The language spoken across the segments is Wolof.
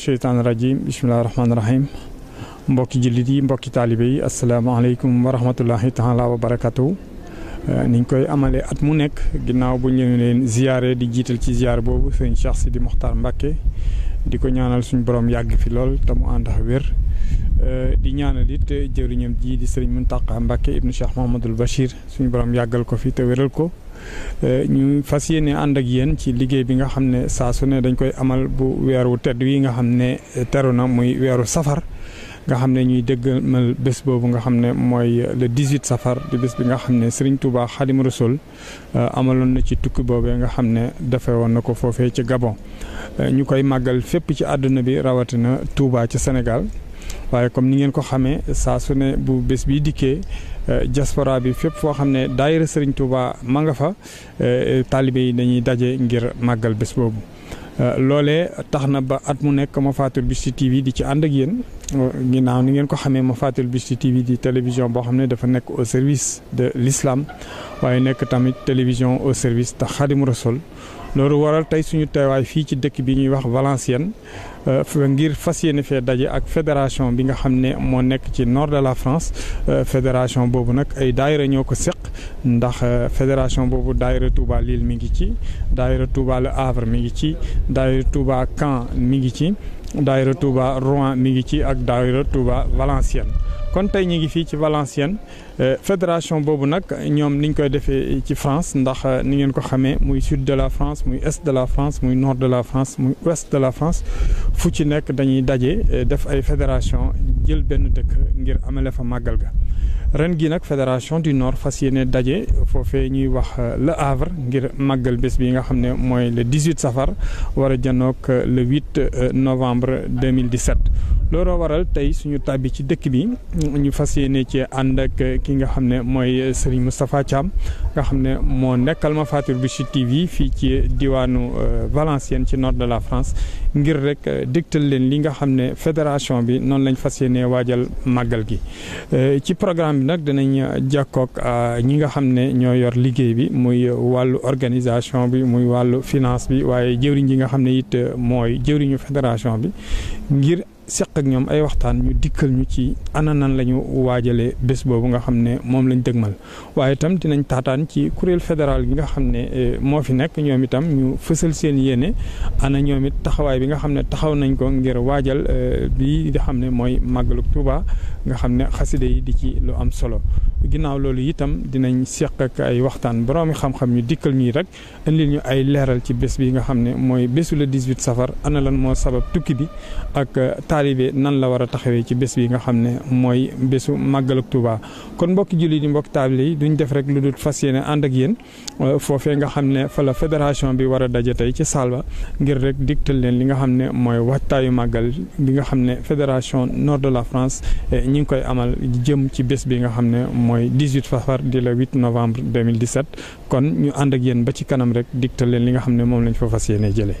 sheytaan rajim bisimilah rahmaani rahim mbokki jullit yi mbokki taalibe yi asalaamaaleykum wa rahmatullahi taala wa barakatu eh, niñ koy amalee at mu nekk ginnaaw bu ñu leen ziyaare di jiital ci ziyaar boobu sëñ Cheikh di Mokhtar Mbacke di ko ñaanal suñu borom yàgg fi lool te mu ànd ak wér eh, di ñaanal it jëriñam ji di sëriñ Mountakha Mbacke ibnu Cheikh Mouhamadul Bachir suñu borom yàggal ko fi te wéral ko. Euh, ñu fas yéene ànd ak yéen ci liggéey bi nga xam ne saa su ne dañ koy amal bu weeru tedd wi nga xam ne teru na muy weeru safar nga xam ne ñuy dëggamal bés boobu nga xam ne mooy le 18 safar di bés bi nga xam ne Serigne Touba Khadim Rasoul euh, amaloon na ci tukki boobee nga xam ne dafe woon na ko foofee ci Gabon euh, ñu koy màggal fépp ci àdduna bi rawatina Touba ci Sénégal waaye comme ni ngeen ko xamee saa ne bu bés bi dikkee Euh, diaspora bi fépp foo xam ne daayira Serigne Touba ma nga fa euh, taalibe yi dañuy daje ngir màggal bés boobu. Euh, loolee tax na ba at mu nekk ma Mafatul Bichri TV di ci ànd ak yéen ginnaaw ni ngeen ko xamee Mafatul Bichri TV di télévision boo xam ne dafa nekk au service de lislaam waaye nekk tamit télévision au service te Xaadimu Rasuul loolu waral tey suñu teewaay fii ci dëkk bi ñuy wax Valenciennes. ngir fas yéene fee daje ak fédération bi nga xam ne moo nekk ci nord de la France euh, fédération boobu nag ay daayira ñoo ko seq ndax euh, fédération boobu daayira Touba Lille mi ngi ci daayira Touba Le Havre mi ngi ci daayira Touba Caen mi ngi ci daayira Touba Rouen mi ngi ci ak daayira Touba Valenciennes kon tey ñu ngi fii ci Valenciennes Euh, fédération boobu nag ñoom niñ koy defee ci France ndax euh, ni ngeen ko xamee muy sud de la France muy est de la France muy nord de la France muy ouest de la France fu ci nekk dañuy daje euh, def ay fédération jël benn dëkk ngir amale fa màggal ga ren gi nag fédération du nord fas yéene daje foofe ñuy wax la Havre ngir màggal bés bi nga xam ne mooy le 18 safar war a janook le 8 novembre 2017 looloo waral tey suñu tàbbi ci dëkk bi ñu fas yéene ci ànd ak ki nga xam ne mooy Serigne Moustapha Thiam nga xam ne moo nekkal ma Fatou Bichri TV fii ci diwaanu euh, Valenciennes ci nord de la France ngir rek euh, dégtal leen li nga xam ne fédération bi noonu lañ fas yéenee waajal màggal gi euh, ci programme bi nag dinañ jàkkoog ñi nga xam ne ñoo yor liggéey bi muy wàllu organisation bi muy wàllu finance bi waaye jëwriñ ji nga xam ne it mooy jëwriñu fédération bi ngir seq ak ñoom ay waxtaan ñu dikkal ñu ci ana nan la ñu waajalee bés boobu nga xam ne moom lañ dëgmal waaye itam dinañ taataan ci kuréel fédéral gi nga xam ne eh, moo fi nekk ñoom itam ñu fësal seen yéene ana ñoom it taxawaay bi nga xam ne taxaw nañ ko ngir waajal eh, bi di xam ne mooy màggalu Tuuba nga xam ne xasida yi di ci lu am solo ginnaaw loolu itam dinañ seq ak ay waxtaan boroomi xam-xam ñu dikkal ñuy rek indi ñu ay leeral ci bés bi nga xam ne mooy bésu le 18 safar ana lan moo sabab tukki bi ak euh, taalibe nan la war a taxawee ci bés bi nga xam ne mooy bésu màggal ak Tuuba kon mbokki jullit yi mbokki taalibe yi duñ def rek lu dul fas yéene ànd ak yéen euh, foofee nga xam ne fala fédération bi war a daje tey ci salba ngir rek digtal leen li nga xam ne mooy waxtaayu màggal bi nga xam ne fédération nord de la France euh, ñi ngi koy amal jëm ci bés bi nga xam ne mooy 18 safar di la 8 novembre 2017 kon ñu àndak ak yéen ba ci kanam rek digtal leen li nga xam ne moom lañ fa fas yéene jëlee.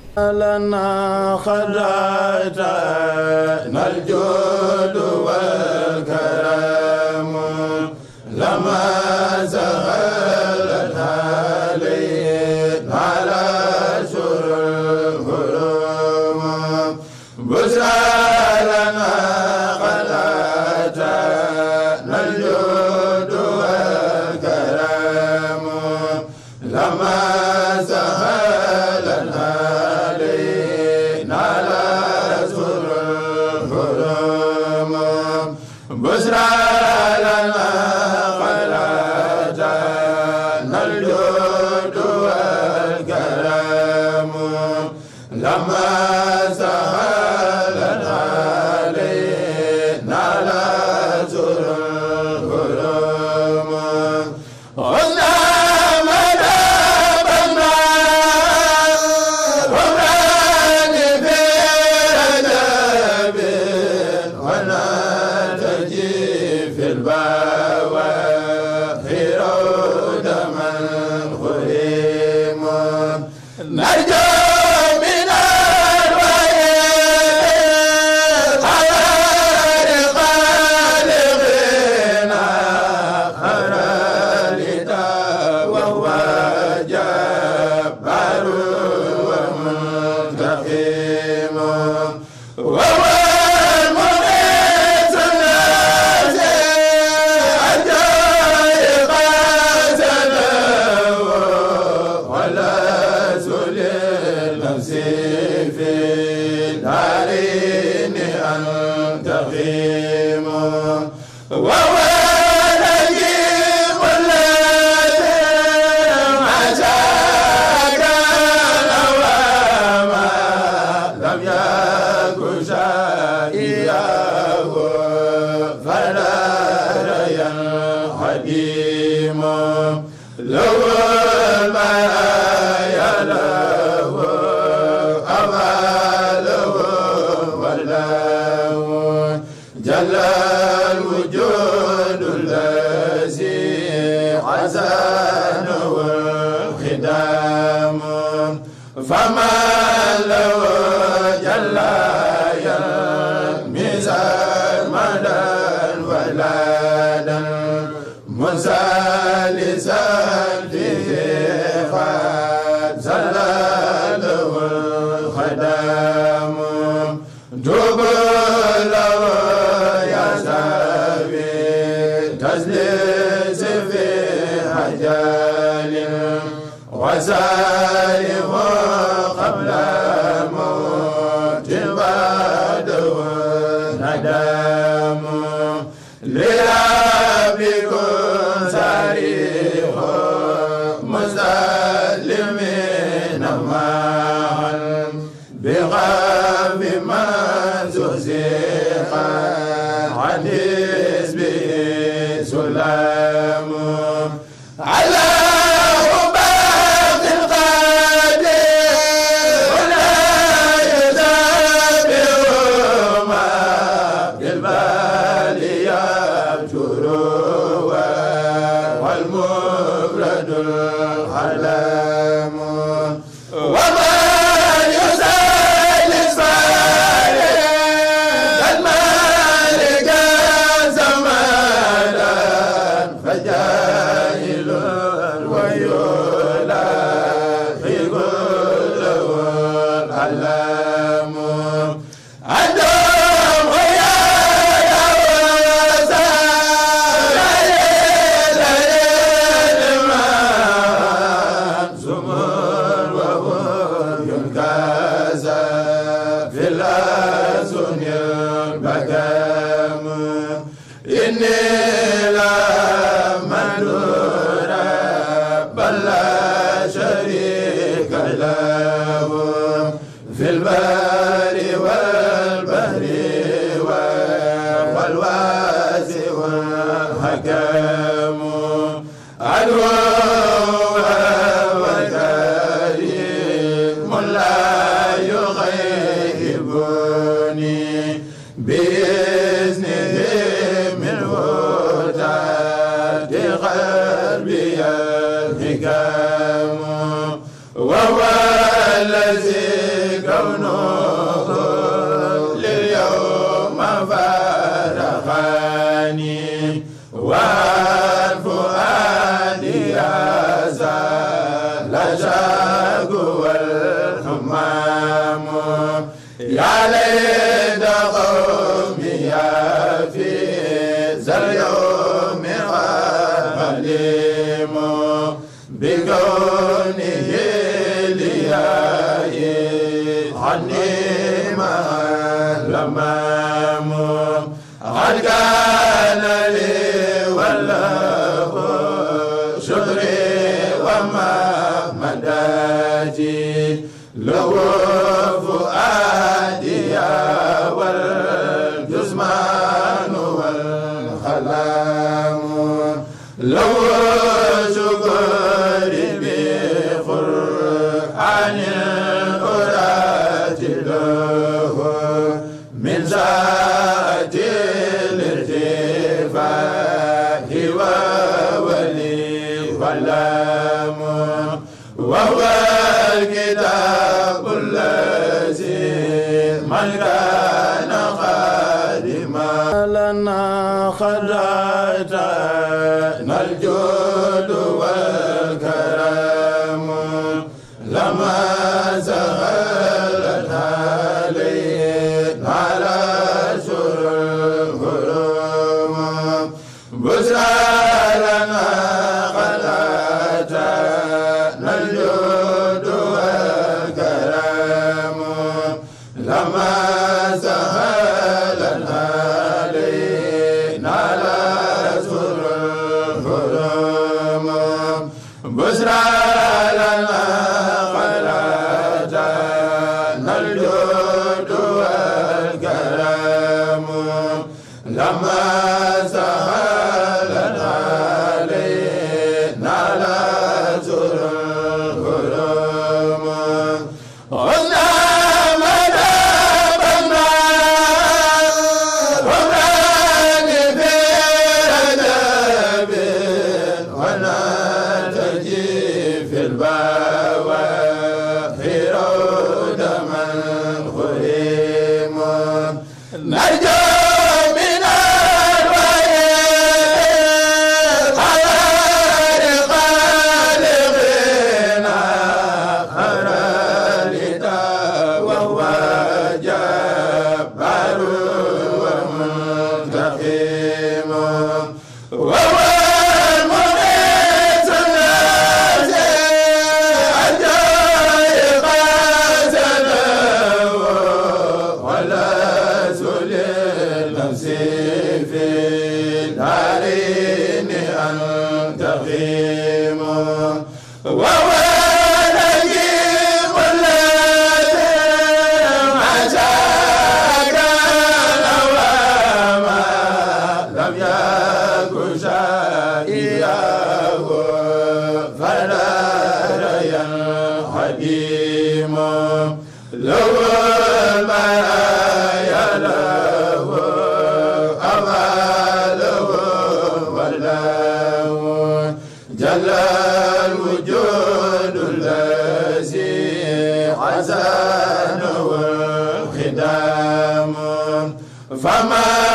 fama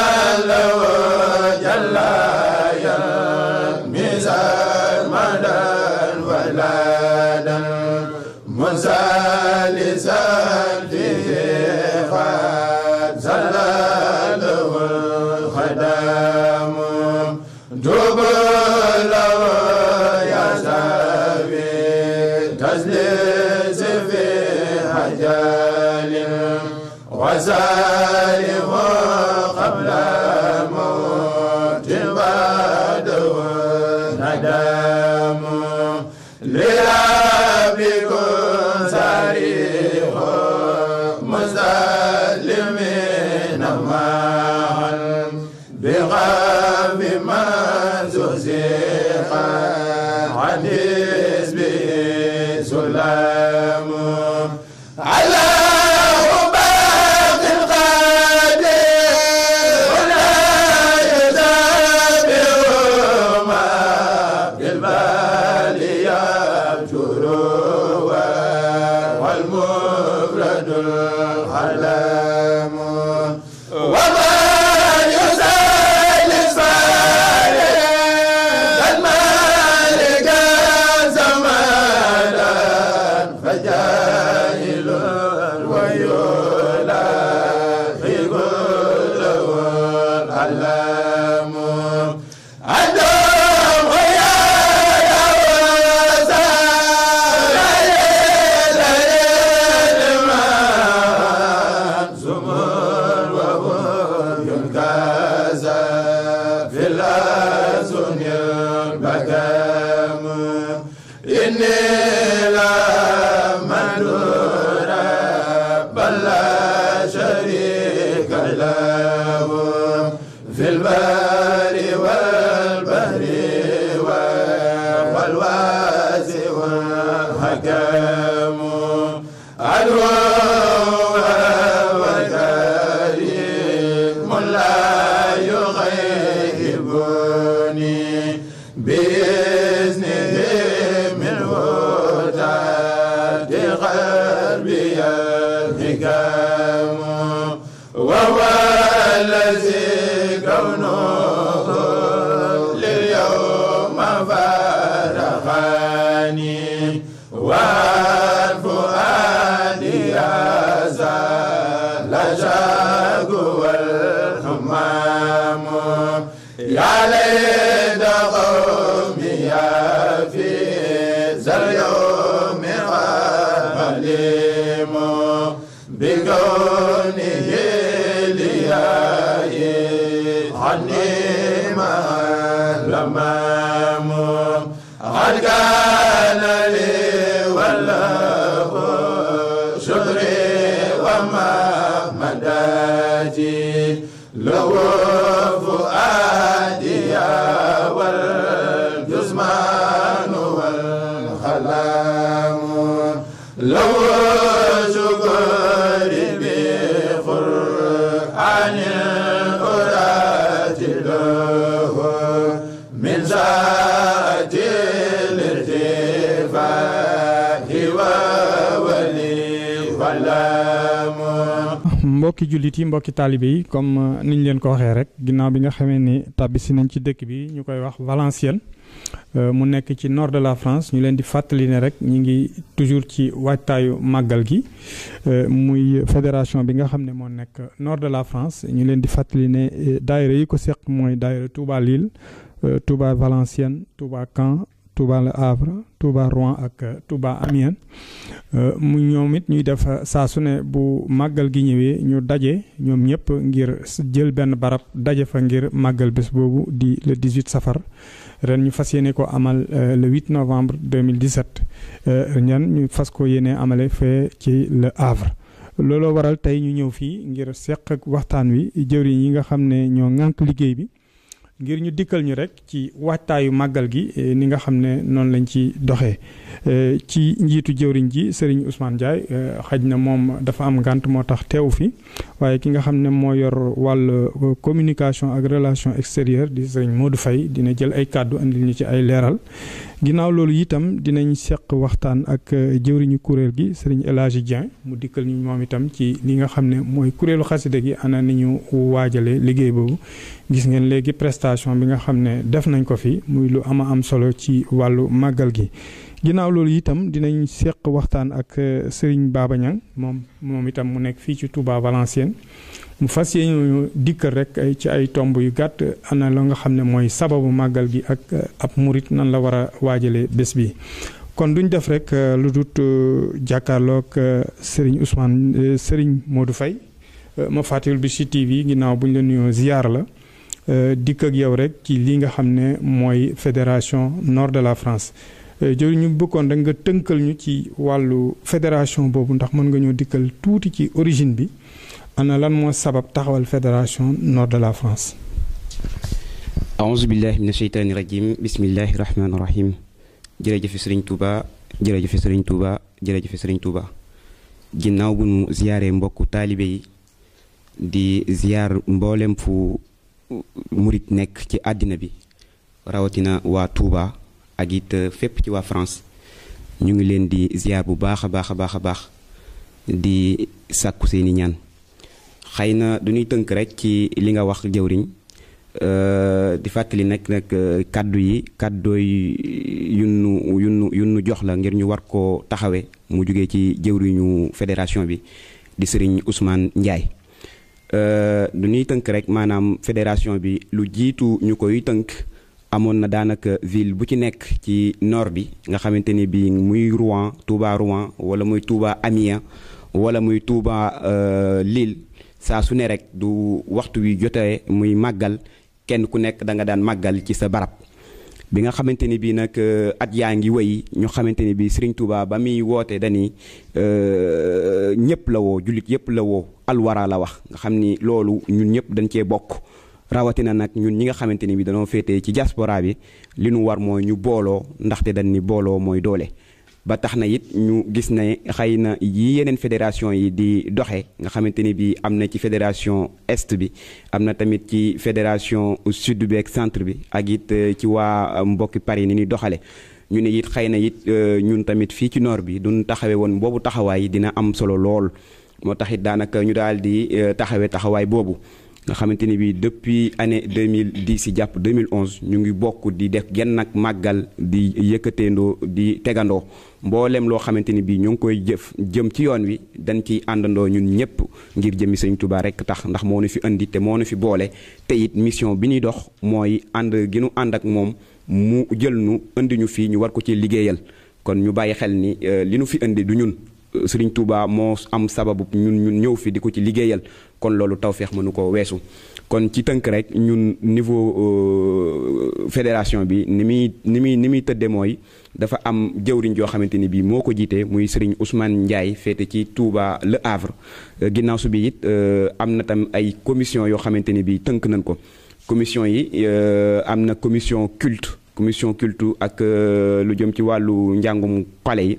fu mbokki jullit yi mbokki taalibe yi comme euh, niñ leen ko waxee rek ginnaaw bi nga xamee ni tàbbisi nañ ci dëkk bi ñu koy wax Valenciennes euh, mu nekk ci nord de la France ñu leen di fàttali ne rek ñu ngi toujours ci waajtaayu màggal gi euh, muy fédération bi nga xam ne moo nekk nord de la France ñu leen di fàttali ne daayira yi ko seq mooy daayira Touba liil Touba Valenciennes Touba camp Touba Le Havre Touba Rouen ak euh, Touba Amiens euh, mu ñoom it ñuy def euh, saa su ne bu màggal gi ñëwee ñu daje ñoom ñëpp ngir jël benn barab daje fa ngir màggal bés boobu di le 18 safar ren ñu fas yéene ko amal le huit novembre deux 2017 ñan ñu fas ko yéene amale fee ci Le Havre. looloo waral tey ñu ñëw fii ngir seq ak waxtaan wi jëwriñ yi nga xam ne ñoo ŋànk liggéey bi. ngir ñu dikkal ñu rek ci waajtaayu màggal gi eh, ni nga xam ne noonu lañ ci doxee eh, ci njiitu jëwriñ ji Serigne Ousmane Ndiaye eh, xaj na moom dafa am ngànt moo tax teewu fi waaye ki nga xam ne moo yor wàll communication ak relation extérieure di moo du Faye dina jël ay kàddu indi ñu ci ay leeral ginnaaw loolu itam dinañ seq waxtaan ak euh, jëwriñu kuréel gi sëriñ El Hadji mu dikkal ni moom itam ci li nga xam ne mooy kuréelu xasida gi ana ni ñu waajale liggéey boobu gis ngeen léegi prestation bi nga xam ne def nañ ko fi muy lu ama am solo ci wàllu màggal gi ginnaaw loolu itam dinañ seq waxtaan ak euh, sëriñ Baba Niang moom moom itam mu nekk fii ci Touba Valenciennes mu fas yéene dikkal rek ci ay tomb yu gàtt ana nga xam ne mooy sababu màggal gi ak eh, ab murit nan la war a waajale bés bi kon duñ def rek eh, lu dut eh, jàkkaarloog Serigne Ousmane Serigne Modou Faye Mafaatihul Bichri TV ginnaaw bu ñu la nuyoo ziar la dikk ak yow rek ci li nga xam ne mooy fédération nord de la France jori ñu bëggoon rek nga tënkal ñu ci wàllu fédération boobu ndax mën nga ñoo dikkal tuuti ci origine bi ana lan moo sabab taxawal fédération nord de la France. aouzu billahi mina sheytaani rajim bismillahi rahmaani rahim jërëjëf Serigne Touba jërëjëf Serigne Touba jërëjëf Serigne Touba. ginnaaw bu nu ziyaaree mbokku taalibe yi di ziyaar mboolem fu murit nekk ci àddina bi rawatina waa Touba ak it euh, fépp ci waa France ñu ngi leen di ziyaar bu baax a baax a baax a baax di sàkku seeni ñaan. xëy na du ñuy tënk rek ci li nga wax jëwriñ euh, di fàttali nag nag kàddu yi kàddooy yunnu yunnu yunnu jox la ngir ñu war koo taxawee mu jugee ci jëwriñu fédération bi di sëriñ Ousmane Ndiaye. Euh, du ñuy tënk rek maanaam fédération bi lu jiitu ñu koy tënk amoon na daanaka ville bu ci nekk ci nord bi nga xamante ni bii muy Rouen Touba Rouen wala muy Touba Amiens wala muy Touba euh, Lille. saa su ne rek du waxtu wi jotee muy màggal kenn ku nekk da nga daan màggal ci sa barab bi nga xamante ni bii nag euh, at yaa ngi wéy ñu xamante ni bii siriñ Touba ba muy woote dani euh, ñëpp la woo jullit yëpp la woo alwara la wax nga xam ni loolu ñun ñëpp dañ cee bokk rawatina nag ñun ñi nga xamante ni bii danoo féetee ci diaspora bi li nu war mooy ñu booloo ndaxte dañ ni booloo mooy doole. ba tax na it ñu gis ne xëy na yii yeneen fédération yi di doxe nga xamante ni bii am na ci fédération est bi am na tamit ci fédération sud bi ak centre bi ak it euh, ci waa euh, mbokki Paris ni ñuy doxale ñu ne it xëy na it euh, ñun tamit fii ci noor bi duñ taxawee woon boobu taxawaay dina am solo lool moo taxit daanaka ñu daal di taxawee taxawaay boobu nga xamante ni bi depuis année 2010 si jàpp 2011 ñu ngi bokk di def genn ak màggal di yëkkateendoo di tegandoo mbooleem loo xamante ni bii ñu ngi koy jëf jëm ci yoon wi dañ ciy àndandoo ñun ñëpp ngir jëmmi sëñ Tuubaa rekk tax ndax moo nu fi indi te moo nu fi boole te it mission bi ñuy dox mooy ànd gi nu ànd ak moom mu jël nu indi ñu fii ñu war ko ci liggéeyal kon ñu bàyyi xel ni euh, li nu fi indi du ñun Serigne Touba moo am sababu ñun ñun ñëw fi di ko ci liggéeyal kon loolu tawféex mënu ko weesu kon ci tënk rek ñun niveau euh, fédération bi ni muy ni muy ni muy tëdde mooy dafa am jëwriñ joo xamante ni bii moo ko jiite muy Serigne Ousmane Ndiaye féete ci Touba Le Havre euh, ginnaaw su bi it euh, am na tam ay commission yoo xamante ni bii tënk nañ ko commission yi am na commission culte commission culte ak lu jëm ci wàllu njàngum xale yi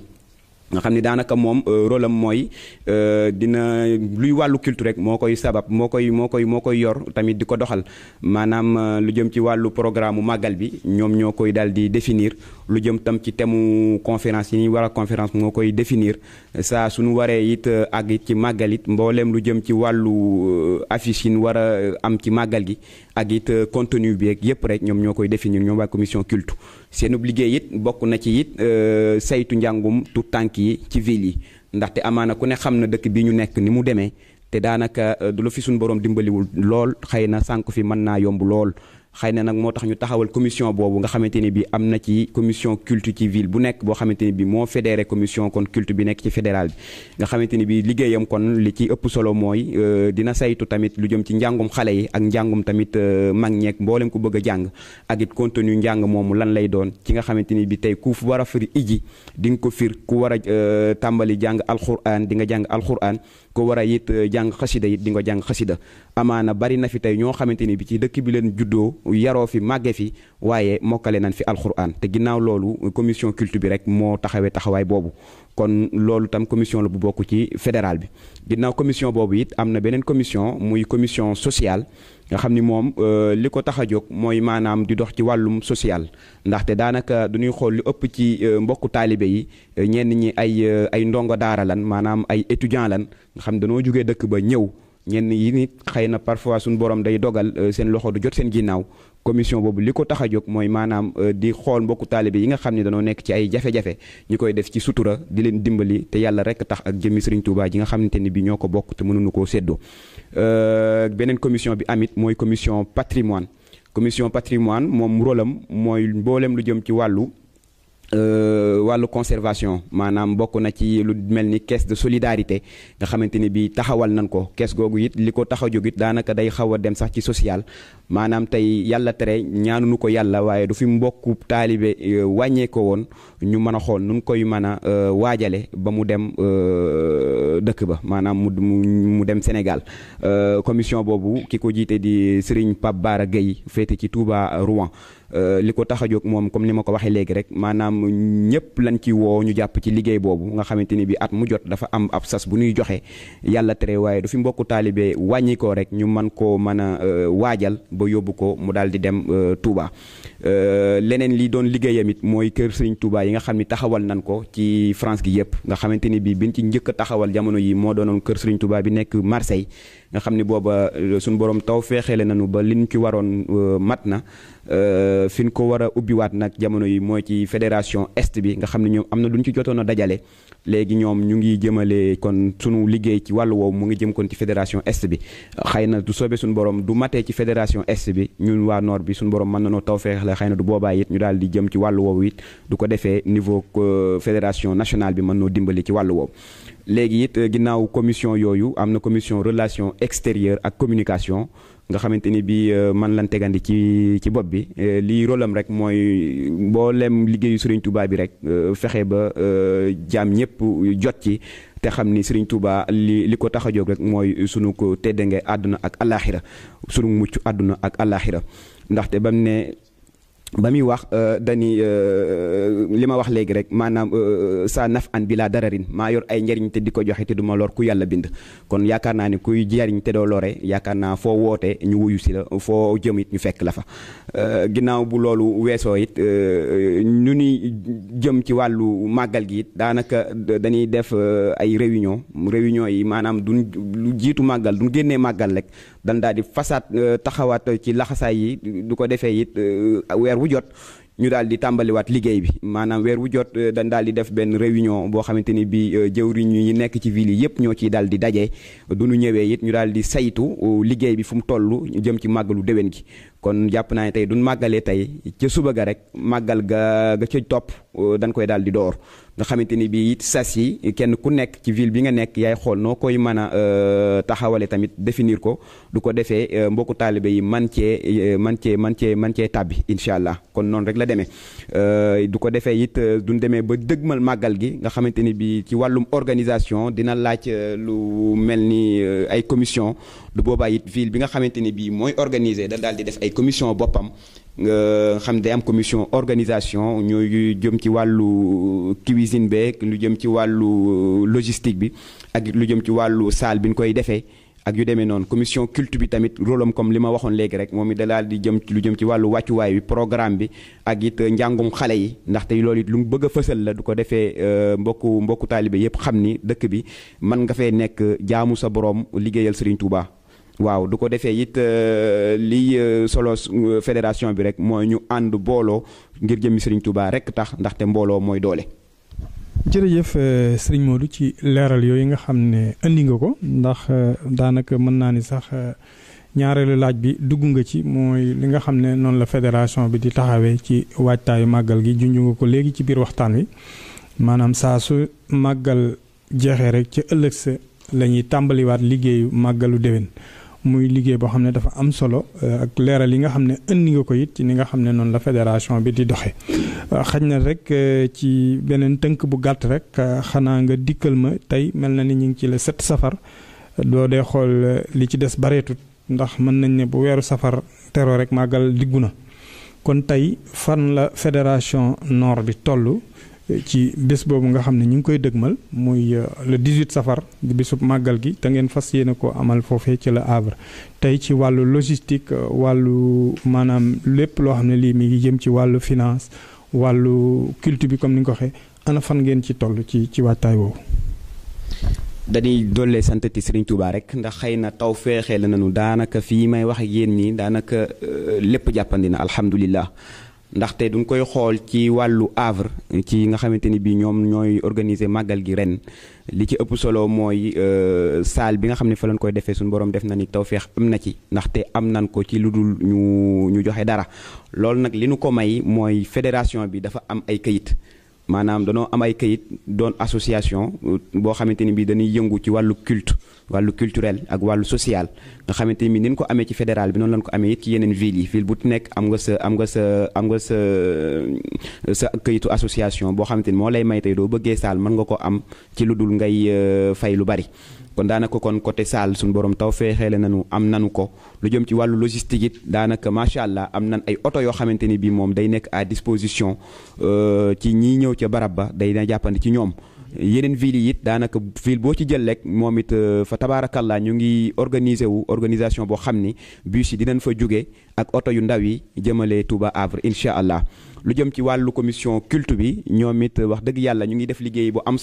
nga xam ni daanaka moom euh, rôle am mooy euh, dina luy wàllu culture rek moo koy sabab moo koy moo koy moo koy yor tamit di ko doxal maanaam euh, lu jëm ci wàllu programme màggal bi ñoom ñoo koy daal di définir lu jëm tam ci thème conférence yi ñuy war a conférence moo koy définir saa suñu waree it ak it ci màggal it mbooleem lu jëm ci wàllu affiche yi ñu war a am ci màggal gi ak it euh, contenu bi ak yëpp rek ñoom ñoo koy définir ñoom mission commission culte seenub liggéey it bokk na ci it euh, saytu njàngum tu tànk yi ci ville yi ndaxte amaana ku ne xam na dëkk bi ñu nekk ni mu demee te daanaka euh, du la fi suñu borom dimbaliwul lool xëy na sànq fi mën naa yomb lool xëy na nag moo tax ñu taxawal commission boobu nga xamante ni bi am na ci commission culte ci ville bu nekk boo xamante ni bi moo fédéré commission kon culte bi nekk ci fédéral bi nga xamante ni bi liggéeyam kon li ci ëpp solo mooy euh, dina saytu tamit lu jëm ci njàngum xale yi ak njàngum tamit euh, mag ñeeg mboolem ko bëgg a jàng ak it contenu njàng moomu lan lay doon ci nga xamante ni bi tey ku war a firi iji di nga ko fir ku war a euh, tàmbali jàng alxuraan di nga jàng alxuraan ko war a it euh, jàng xasida it di nga jàng xasida amaana bari na fi tey ñoo xamante ni bi ci dëkk bi leen juddoo yaroo fi màgge fi waaye mokkale nañ fi alxuraan te ginnaaw loolu commission culture bi rek moo taxawee taxawaay boobu kon loolu tam commission la bu bokk ci fédéral bi ginnaaw commission boobu it am na beneen commission muy commission sociale nga xam ni moom euh, li ko tax a jóg mooy maanaam di dox ci wàllum social ndaxte daanaka du ñuy xool lu ëpp ci euh, mbokku taalibe yi euh, ñenn ñi ay ay ndongo daara lan maanaam ay étudiant lan nga xam dañoo jógee dëkk ba ñëw ñenn yi nit xay na parfois suñu borom day dogal seen loxo du jot seen ginnaaw commission boobu li ko tax a jóg mooy maanaam di xool mbokku taalibe yi nga xam ne dañoo nekk ci ay jafe-jafe ñu koy def ci sutura di leen dimbali te yàlla rek tax ak jëmmi Sëriñ Tuubaa ji nga xamante ni bi ñoo ko bokk te mënuñu koo séddoo Euh, beneen commission bi amit mooy commission patrimoine commission patrimoine moom rôle mooy mboolem lu jëm ci wàllu Euh, wàllu conservation maanaam bokk na ci lu mel ni caisse de solidarité nga xamante ni bi taxawal nañ ko caisse googu it li ko tax jógit daanaka day xaw a dem sax ci social maanaam tey yàlla tere ñaanunu ko yàlla waaye du fi mbokku taalibe euh, wàññee ko woon ñu mën a xool nun koy mën a euh, waajale ba mu dem dëkk ba maanaam mu mu dem Sénégal commission boobu ki ko jiite di Serigne Pape Bara Gueye féete ci Touba Rouen Euh, li ko tax a jóg moom comme ni ma ko waxee léegi rek maanaam ñëpp lañ ci woo ñu jàpp ci liggéey boobu nga xamante ni bi at mu jot dafa am ab sas bu ñuy joxee yàlla tere waaye du fi mbokku taalibe wàññi rek ñu man koo mën a euh, waajal ba yóbbu ko mu daal di dem euh, Touba. leneen li doon liggéeyam it mooy kër Sëriñ Touba yi nga xam ni taxawal nañ ko ci France yëpp nga xamante ni bi biñ ci njëkk a taxawal jamono yi moo doonoon kër Sëriñ Touba bi nekk Marseille nga xam ni booba suñu borom taw feexeele nañu ba liñ ci waroon mat na Euh, fi ñu ko war a ubbiwaat nag jamono yi mooy ci fédération est bi nga xam ne ñoom am na lu ñu ci jotoon a dajale léegi ñoom ñu ngi jëmalee kon sunu liggéey ci wàll woow mu ngi jëm kon ci fédération est bi xëy na du soobee suñu borom du matee ci fédération est bi ñun waa nord bi suñu borom mën na noo taw feex xëy na du boobaa it ñu daal di jëm ci wàllu woow it du ko defee niveau euh, fédération nationale bi mën noo dimbali ci wàllu woow léegi it euh, ginnaaw commission yooyu am na commission relation extérieur ak communication nga xamante ni bi euh, man lan tegandi ci ci bopp bi euh, lii rôle rek mooy mboolem liggéeyu Serigne Touba bi rek euh, fexe ba jaam ñëpp jot ci te xam ni Serigne Touba li li ko tax a jóg rek mooy sunu ko teddange àdduna ak alaaxira sunu mucc àdduna ak alaaxira ndaxte bam ne ba muy wax euh, dani euh, li ma wax léegi rek maanaam euh, sa naf an bi laa dararin maa yor ay njariñ te di ko joxe te duma ma lor ku yàlla bind kon yaakaar naa ne kuy jariñ te doo lore yaakaar naa foo wootee ñu wuyu si la foo jëm it ñu fekk la fa ginnaaw bu loolu weesoo it ñu ni jëm ci wàllu màggal gi it daanaka dañuy def ay réunion réunion yi maanaam duñ lu jiitu màggal duñ génnee màggal rek dan daal di fasaat euh, taxawaat ci laxasaay yi du ko defee it euh, weer wu jot ñu daal di tàmbaliwaat liggéey bi maanaam weer wu jot euh, dañ daal di def benn réunion boo xamante ni bii jëwriñ yi nekk ci ville yi yëpp ñoo ciy daal di daje du ñu ñëwee it ñu daal di saytu liggéey bi fu mu toll jëm ci màggalu déwén gi. kon jàpp naa ne tey duñ màggalee tey ca suba ga rek màggal ga ga ca topp uh, dañ koy daal di door nga xamante ni bii it sas yi kenn ku nekk ci ville bi nga nekk yaay xool noo koy mën a uh, taxawale tamit définir ko du ko defee uh, mbokku taalibe yi man cee man cee man cee man cee tàbbi incha allah kon noonu rek la demee du ko defee it duñ demee ba dëgg mal màggal gi nga xamante ni bii ci wàllum organisation dina laaj lu mel ni ay commission du boobaa it ville bi nga xamante ni bii mooy organiser da daal di def ay commission boppam nga xam day am commission organisation ñooy jëm ci wàllu cuisine beeg lu jëm ci wàllu logistique bi ak lu jëm ci wàllu salle bi ñu koy defee ak yu demee noonu commission culture bi tamit rôlam comme li ma waxoon léegi rek moom it daal di jëm lu jëm ci wàllu wàccuwaay bi programme bi ak it njàngum xale yi ndaxte loolu it lu mu bëgg a fësal la du ko defee euh, mbokku mbokku taalibe yëpp xam ni dëkk bi mën nga fee nekk jaamu sa borom liggéeyal Serigne Touba. waaw du ko defee it euh, li euh, solo euh, fédération bi rek mooy ñu ànd booloo ngir jëmmi Serigne Touba rek tax ndaxte mbooloo mooy doole. jërëjëf Serigne Modou ci leeral yooyu nga xam ne indi nga ko ndax daanaka mën naa ni sax ñaareelu laaj bi dugg nga ci mooy li nga xam ne noonu la fédération bi di taxawee ci waajtaayu màggal gi junj nga ko léegi ci biir waxtaan wi maanaam saa su màggal jeexee rek ci ëllëg sa lañuy tàmbaliwaat liggéeyu màggalu déwén. muy liggéey boo xam ne dafa am solo euh, ak leeral yi nga xam ne indi nga ko it ci ni nga xam ne noonu la fédération bi di doxee euh, xaj na rek euh, ci beneen tënk bu gàtt rek xanaa nga dikkal ma tey mel na ni ñu ngi ci la set safar doo dee xool li ci des bareetut ndax mën nañ ne bu weeru safar tero rek màggal diggu na kon tey fan la fédération nord bi toll ci bés boobu nga xam ne ñu ngi koy dëgmal muy euh, le 18 safar di bésub màggal gi te ngeen fas yéene ko amal foofee ci la Havre tey ci wàllu logistique euh, wàllu maanaam lépp loo xam ne lii mi ngi jëm ci wàllu finance wàllu culture bi comme ni nga ko waxee ana fan ngeen ci toll ci ci waajtaay woowu. dañuy dollee santati Serigne Touba rek ndax xëy na taw feexee la nañu daanaka fii may wax ak yéen ñii daanaka euh, lépp jàppandi na alhamdulilah. ndaxte duñ koy xool ci wàllu Havre ci nga xamante ni bii ñoom ñooy organiser màggal gi ren li ci ëpp solo mooy euh, saal bi nga xam ne fa lañ koy defee suñu borom def na ni tawféex am na ci ndaxte am nañ ko ci lu dul ñu ñu joxe dara loolu nag li nu ko may mooy fédération bi dafa am ay kayit. maanaam danoo am ay kayit doon association euh, boo xamante ni bii dañuy yëngu ci wàllu culte wàllu culturel ak wàllu social nga xamante ni bii ni ko amee ci fédéral bi noonu lañ ko amee it ci yeneen ville yi ville bu tu nekk am nga sa am nga sa am nga sa euh, sa kayitu association boo xamante ni moo lay may tey doo bëggee saal mën nga ko am ci lu dul ngay euh, fay lu bari kon daanaka kon côté saal suñu borom taw feexeele nanu am nanu ko lu jëm ci wàllu logistique it daanaka macha allah am nan ay oto yoo xamante ni bii moom day nekk à disposition euh, ci ñiy ñëw ca barab ba day na jàppandi ci ñoom. yeneen ville yi it daanaka ville boo ci jël rek moom it euh, fa tabaarakallaa ñu ngi organiser wu organisation boo xam ni bus di dinañ fa jóge ak oto yu ndaw yi jëmale Touba Havre incha allah lu jëm ci wàllu commission culte bi ñoom it wax dëgg yàlla ñu ngi def liggéey bu am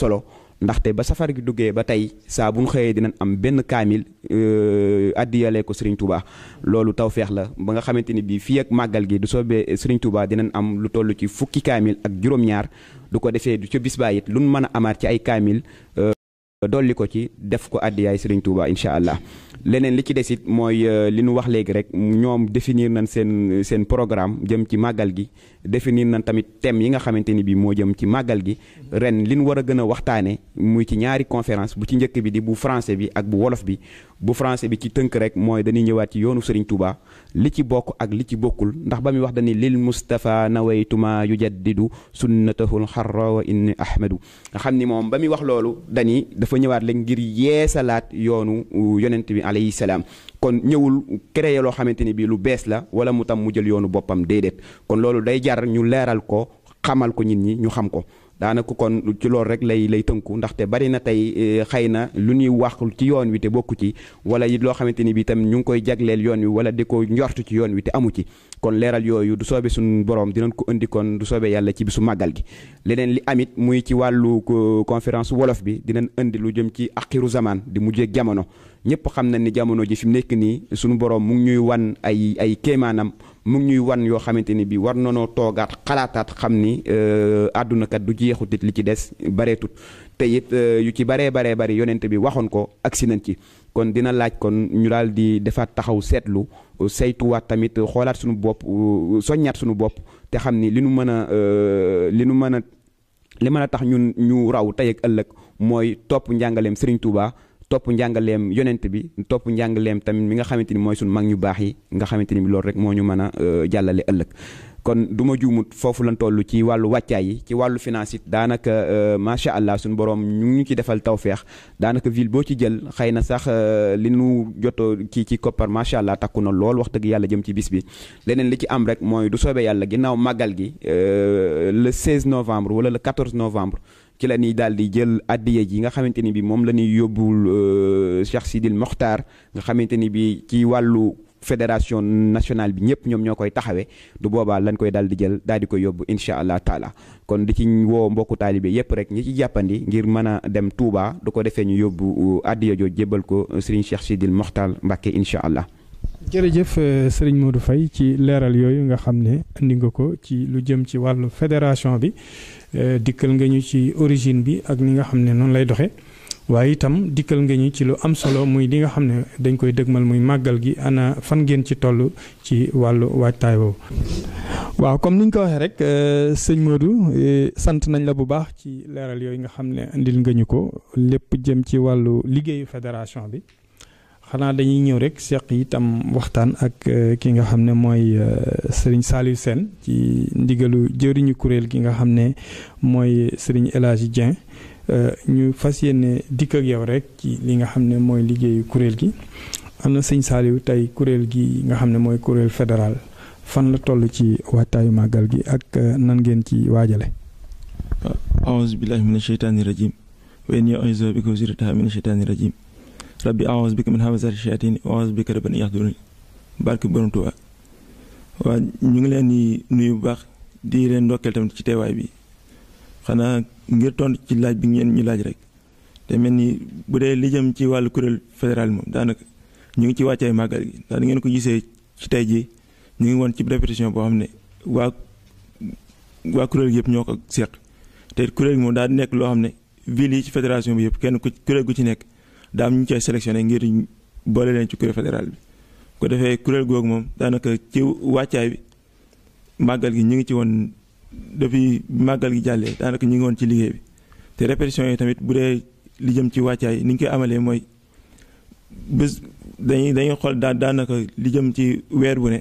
ndaxte ba safar gi duggee ba tey saa bu ñu xëyee dina am benn kaamil euh, addiyalee ko Serigne Touba loolu tawféex la ba nga xamante ni bii fii ak màggal gi du soobee Serigne Touba dinañ am lu toll ci fukki kaamil ak juróom du ko defee du ca bis baa it mën a amaat ci ay kaamil. Euh, dolli ko ci def ko addiyaay Serigne Touba incha allah leneen li ci des it mooy euh, li nu wax léegi rek ñoom définir nañ seen seen programme jëm ci màggal gi définir nañ tamit thème yi nga xamante ni bi moo jëm ci màggal gi ren li ñu war a gën a waxtaane muy ci ñaari conférence bu ci njëkk bi di bu français bi ak bu wolof bi bu français bi ci tënk rek mooy dañuy ñëwaat ci yoonu Serigne Touba li ci bokk ak li ci bokkul ndax ba muy wax dañi lil Moustapha nawaytuma yujaddidu sunnatahul xarra wa inni ahmadu nga xam ni moom ba muy wax loolu dañi dafa ñëwaat lañ ngir yeesalaat yoonu yonent bi alayhi salaam kon ñëwul créer loo xamante ni bii lu bees la wala mu tam mu jël yoonu boppam déedéet kon loolu day jar ñu leeral ko xamal ko nit ñi ñu xam ko daanaka kon ci loolu rek lay lay tënku ndaxte bari na tey e, xëy na lu ñuy wax ci yoon wi te bokku ci wala it loo xamante ni bii ñu ngi koy jagleel yoon wi wala di ko njort ci yoon wi te amu ci kon leeral yooyu du soobe suñu borom dinañ ko indi kon du soobee yàlla ci bisu màggal gi. leneen li amit muy ci wàllu conférence wolof bi dinañ indi lu jëm ci axiru zaman di mujjee jamono. ñëpp xam na ni jamono ji fi nekk nii suñu borom mu ngi ñuy wan ay ay kéemaanam mu ñuy wan yoo xamante ni bi war nanoo toogaat xalaataat xam ni euh, àdduna kat jeexu jeexutit li ci des bareetut te it euh, yu ci baree baree bari yonent bi waxoon ko agsi nañ ci kon dina laaj kon ñu daal di defaat taxaw seetlu saytuwaat tamit xoolaat suñu bopp euh, soññaat suñu bopp te xam ni li nu mën a li nu mën a li mën a tax ñun ñu raw tey ak ëllëg mooy topp njàngaleem Serigne Touba topp njàngaleem yonent bi topp njàngaleem tamit mi nga xamante ni mooy suñ mag ñu baax yi nga xamante ni loolu rek moo ñu mën a euh, jàllale ëllëg kon du ma juumut foofu lan toll ci wàllu wàccaay yi ci wàllu finance it daanaka euh, macha allah suñu borom ñu ngi ñu ci defal tawféex daanaka ville boo ci jël xëy na sax euh, li nu jotoo kii ci koppar macha allah takku na lool wax dëgg yàlla jëm ci bis bi. leneen li ci am rek mooy du soobee yàlla ginnaaw màggal gi le 16 novembre wala le 14 novembre. ci la ñuy daal di jël addiya ji nga xamante ni bi moom la ñuy yóbbul euh, Cheikh Sidil Mokhtar nga xamante ni bi ci wàllu fédération nationale bi ñëpp ñoom ñoo koy taxawee du boobaa lañ koy daal di jël daal di koy yóbbu incha allah taala kon di ci woo mbokku taalibe yëpp rek ñi ci jàppandi ngir mën a dem Touba du ko defee ñu yóbbu euh, addiya joo jébbal ko euh, Serigne Cheikh Sidil Mokhtar Mbacke incha allah. jërëjëf moo du Faye ci leeral yooyu nga xam ne indi nga ko ci lu jëm ci wàllu fédération bi. Euh, dikkal nga ñu ci origine bi ak ni nga xam ne noonu lay doxee waaye itam dikkal nga ñu ci lu am solo muy li nga xam ne dañ koy dëgmal muy màggal gi ana fan ngeen ci toll ci wàllu waajtaay boobu. waaw comme ni ñu ko waxee rek euh, sëñ Modou euh, sant nañ la bu baax ci leeral yooyu nga xam ne indil nga ñu ko lépp jëm ci wàllu liggéeyu fédération bi. xanaa dañuy ñëw rek seq tam waxtaan ak euh, ki nga xam ne mooy euh, sëriñ Saliou Sène ci ndigalu jëriñu kuréel gi nga xam ne mooy sëriñ El Hadji euh, fas yéene dikk ak yow rek ci li nga xam ne mooy liggéeyu kuréel gi am na sëñ Saliou tey kuréel gi nga xam ne mooy kuréel fédéral fan la toll ci waajtaayu màggal gi ak nan ngeen ci waajale aouzu billahi mina sheytaani rajim wa inni auzu bika wa zurriyataha mina sheytaani bi rabbi a'uuzu bika min hamazaati shayaatiin wa a'uuzu bika rabbi an yahduruun barke Borom Tuuba waa ñu ngi leen di nuyu bu baax di leen ndokkeel tamit ci teewaay bi xanaa ngir tontu ci laaj bi ngeen ñu laaj rek te mel ni bu dee li jëm ci wàll kuréel fédéral moom daanaka ñu ngi ci wàccaay màggal gi ndax ngeen ko gisee ci tey jii ñu ngi woon ci répétition boo xam ne waa waa kuréel gi yëpp ñoo ko seq te kuréel gi moom daa di nekk loo xam ne ville yi ci fédération bi yëpp kenn ku kuréel gu ci nekk. daa am ñu koy sélectionné ngir boole leen ci kuréel fédéral bi ko defee kuréel googu moom daanaka ci wàccaay bi màggal gi ñu ngi ci woon depuis màggal gi jàllee daanaka ñu ngi woon ci liggéey bi te répétition yi tamit bu dee li jëm ci wàccaay ni ñu koy amalee mooy bés dañuy dañuy xool daa daanaka li jëm ci weer bu ne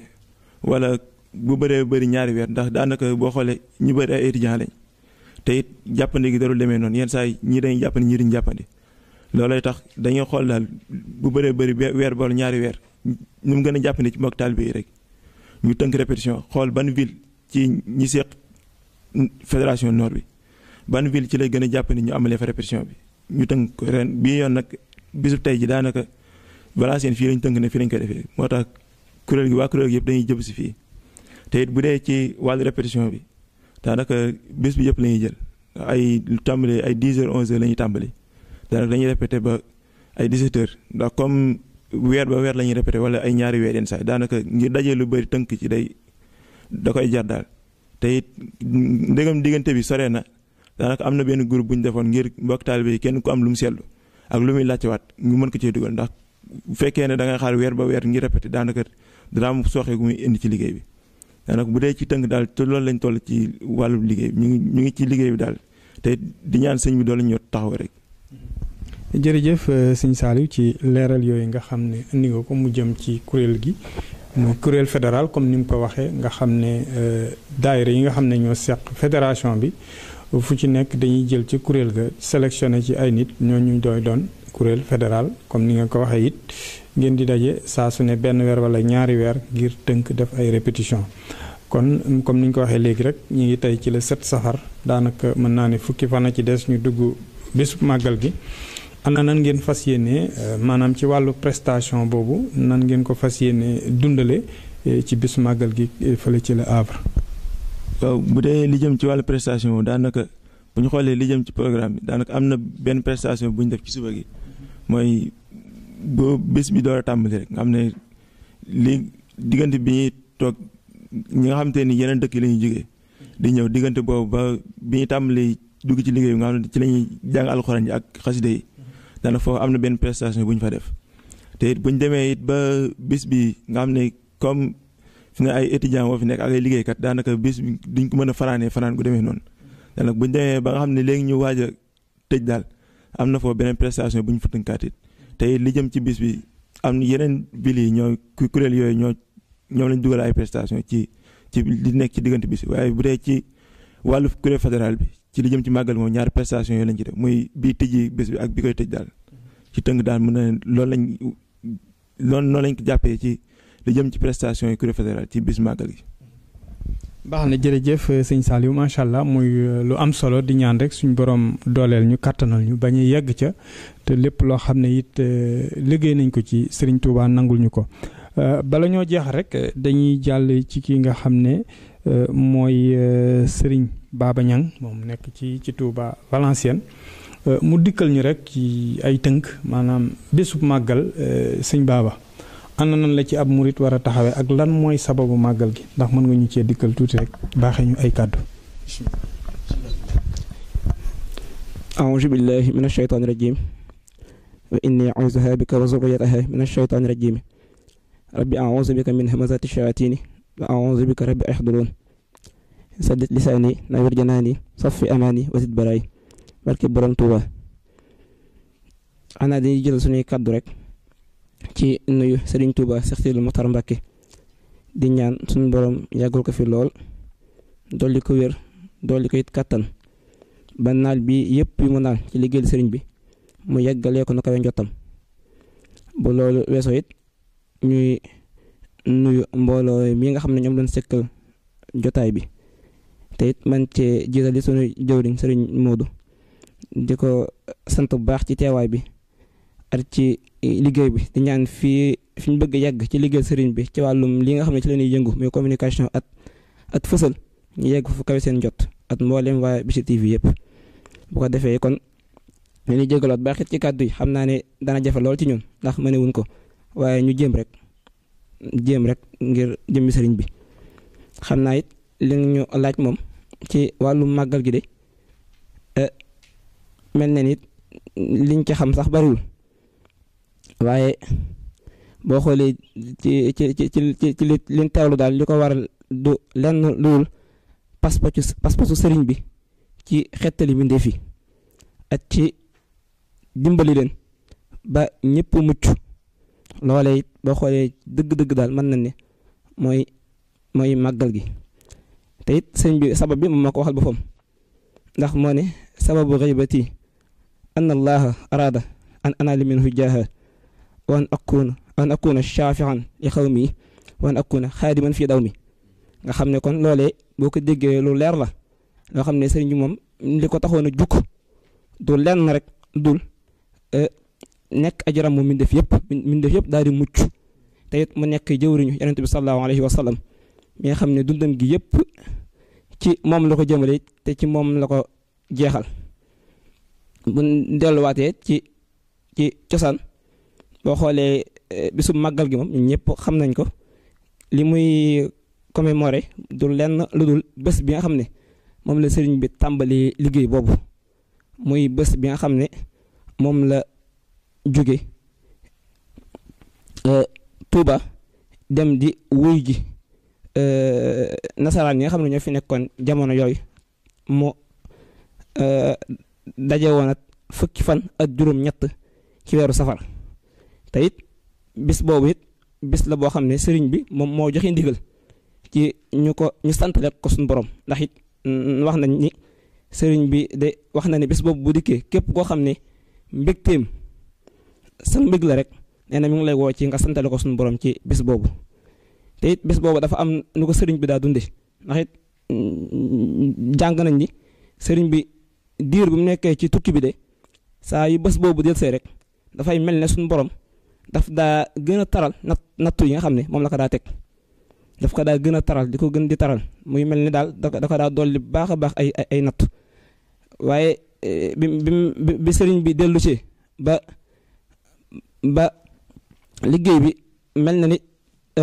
wala bu baree bari ñaari weer ndax daanaka boo xoolee ñu bëri ay étudiants lañ te it jàppandi gi darul demee noonu yenn saa yi ñii dañuy jàppandi ñii duñ jàppandi loolay tax dañuy xool daal bu bëree bëri weer bool ñaari weer ñu mu gën a jàppandi ci mbokk taalibe yi rek ñu tënk répétition xool ban ville ci ñi seq fédération nord bi ban ville ci lay gën a jàppandi ñu amalee fa répétition bi ñu tënk ren bii yoon nag bisu tey ji daanaka balaa seen fii lañ tënk ne fii lañ ko defee moo tax kuréel gi waa kuréel gi yëpp dañuy jëm si fii te bu dee ci wàllu répétition bi daanaka bis bi yëpp la jël ay tàmbali ay 10 heures 11 heures la ñuy tàmbali. te nag dañuy répété ba ay 17 heures ndax comme weer ba weer la ñuy répété wala ay ñaari weer yenn saa daanaka ngir dajee lu bëri tënk ci day da koy jar daal te it ndegam diggante bi soree na daanaka am na benn groupe bu ñu defoon ngir mbokk taalibe kenn ku am lu mu seetlu ak lu muy laajte waat ñu mën ko cee dugal ndax bu fekkee ne dangay ngay xaar weer ba weer ngir répété daanaka dana am sooxe gu muy indi ci liggéey bi. daanaka bu dee ci tënk daal te loolu lañ toll ci wàllu liggéey bi ngi ñu ngi ci liggéey bi daal te di ñaan sëñ bi doole ñu taxaw rek. jërëjëf euh, sëñ Saliou ci leeral yooyu nga xam ne indi nga ko mu jëm ci kuréel gi moo kuréel fédéral comme ni mu ko waxee nga xam ne euh, daayira yi nga xam ne ñoo seq fédération bi fu ci nekk dañuy jël ci kuréel ga sélectionné ci ay nit ñoo ñu doy doon kuréel fédéral comme ni nga ko waxee it ngeen di daje saa su ne benn weer wala ñaari weer ngir tënk def ay répétition kon comme ni ñu ko waxee léegi rek ñu ngi tey ci la set safar daanaka mën naa ne fukki fan a ci des ñu dugg bésub màggal gi ana nan ngeen fas yéene euh, maanaam ci wàllu prestation boobu nan ngeen ko fas yéene dundale euh, ci bisu màggal gi euh, fële ci la Havre. waaw bu dee li jëm ci wàllu prestation daanaka bu ñu xoolee li jëm ci programme bi daanaka am na benn prestation bu ñu def ci suba gi mooy boo bés bi door a tàmbali rek nga am na li diggante bi ñuy toog ñi nga xam te ni yeneen dëkk lañuy la di ñëw diggante boobu ba bi ñu tàmbali dugg ci liggéey bi nga xam ne ci la ñuy jàng alxuraan yi ak xasida yi dana foofu am na benn prestation bu ñu fa def te it bu ñu demee it ba bis bi nga xam ne comme fi nga ay étudiants moo fi nekk ak ay liggéeykat daanaka bis bi duñ ko mën a fanaanee fanaan gu demee noonu. daanaka bu ñu demee ba nga xam ne léegi ñu waaj a tëj daal am na foofu beneen prestation bu ñu fa tënkaat it li jëm ci bis bi am yeneen ville yi ñoo kuréel yooyu ñoo ñoom lañ dugal ay prestation ci ci li nekk ci diggante bis bi waaye bu dee ci wàllu kuréel fédéral bi. ci li jëm ci màggal moom ñaari prestation yooyu lañ ci def muy bi tëjee bés bi ak bi koy tëj daal ci tënk daal mën na lool lañ lool noonu lañ ko jàppee ci li jëm ci prestation yi kuréel fédéral ci bis màggal gi. baax na jërëjëf euh, sëñ Saliou macha allah muy euh, lu am solo di ñaan rek suñ borom dooleel ñu kattanal ñu bañ a yegg ca te lépp loo xam ne it euh, liggéey nañ ko ci Serigne Touba nangul ñu ko bala ñoo jeex rek dañuy jàll ci ki nga xam ne. Euh, mooy euh, sëriñ Baba Niang moom nekk ci ci Touba Valenciennes euh, mu dikkal ñu rek ci ay tënk maanaam bésub màggal sëñ Baba ana nan la ci ab murit wara a taxawee ak lan mooy sababu màggal gi ndax mën nga ñu cee dikkal tuuti rek baaxee ñu ay kàddu أعوذ بالله من الشيطان الرجيم وإني أعوذها بك وزريتها من الشيطان الرجيم ربي أعوذ بك من همزات الشياطين أعوذ بك رب احضرون سدد لساني نوّر جناني صفي أماني وزد baraay barke Borom Tuuba xanaa dañuy jël suñuy kàddu rek ci nuyu Serigne Touba Cheikh Sidil Mokhtar Mbacké di ñaan suñu borom yàggul ko fi lool dolli ko wér dolli ko it kàttan ba naal bi yëpp yu mu naan ci liggéeyal sëriñ bi mu yàggalee ko na kawe njottam bu loolu weesoo it ñuy nuyu mbooloo mii nga xam ne ñoom lañ sekkal jotaay bi te man cee jiitali sunu jëwriñ sëriñ Moodu di ko sant bu baax ci teewaay bi at ci eh, liggéey bi di ñaan fii fi ñu bëgg yàgg ci liggéey sëriñ bi ci wàllum li nga xam ne ci la ñuy yëngu muy communication at at fësal ñu yegg fu kawe seen jot at mboolem waa Bichri TV yëpp bu ko defee kon ñu ngi jégaloot baaxit ci kàddu yi xam naa ne dana jafe lool ci ñun ndax mënewuñ ko waaye ñu jéem rek. jéem rek ngir jëmmi sëriñ bi xam naa it li ñu laaj moom ci wàllu màggal gi de e, mel na nit liñ ci xam sax bariwul waaye boo xoolee ci ci ci ci ci liñ teewlu daal li ko waral du lenn luul paspasu paspasu sëriñ bi ci xettali mbindeef yi ak ci dimbali leen ba ñëpp mucc loolee it boo xoolee dëgg-dëgg daal man na ne mooy mooy màggal gi te it sëñ bi sabab bi moom moo ko waxal boppam ndax moo ne sababu xaybati an allaha araada an anaali minhu jaaha wa an akuna an akuna shaafian li xawmi wa an akuna xaadiman fii daw mi nga xam ne kon loolee boo ko déggee lu leer la loo xam ne sëriñ bi moom li ko taxoon a jukk du lenn rek dul eh, nekk ajaram mu def yëpp mbindeef yëpp daal di mucc te it mu nekk jëwriñu yonent bi sallallahu alayhi wa sallam mi nga xam ne dundam gi yëpp ci moom la ko jëmale te ci moom la ko jeexal bu delluwaatee ci ci cosaan boo xoolee eh, bisu màggal gi moom ñëpp xam nañ ko li muy commémorer du lenn lu dul bés bi nga xam ne moom la sëriñ bi tàmbali liggéey boobu muy bés bi nga xam ne moom la jóge euh, tuuba dem di wuy ji euh, nasaraan yi nga xam ne ñoo fi nekkoon jamono yooyu mu euh, daje woon ak fukki fan ak juróom-ñett ci weeru safar te it bis boobu it bis la boo xam ne sëriñ bi moom moo joxe ndigal ci ñu ko ñu santale ko suñu borom ndax it wax nañ ni sëriñ bi de wax na ne bis boobu bu dikkee képp koo xam ne mbégteem sa mbëgg la rek nee na mi ngi lay woo ci nga santale ko suñu borom ci bis boobu te it bis boobu dafa am nu ko sëriñ bi daa dunde ndax it mm, jàng nañ ni sëriñ bi diir bu mu nekkee ci tukki bi de saa yi bés boobu del see rek dafay mel ni suñu borom daf daa gën a taral natt nattu yi nga xam ne moom la ko daa teg daf ko daa gën a taral di ko gën di taral muy mel ni daal da ko da ko daa dolli baax a baax ay ay natt waaye eh, bi bi bi sëriñ bi dellu ci ba. ba liggéey bi mel na ni e,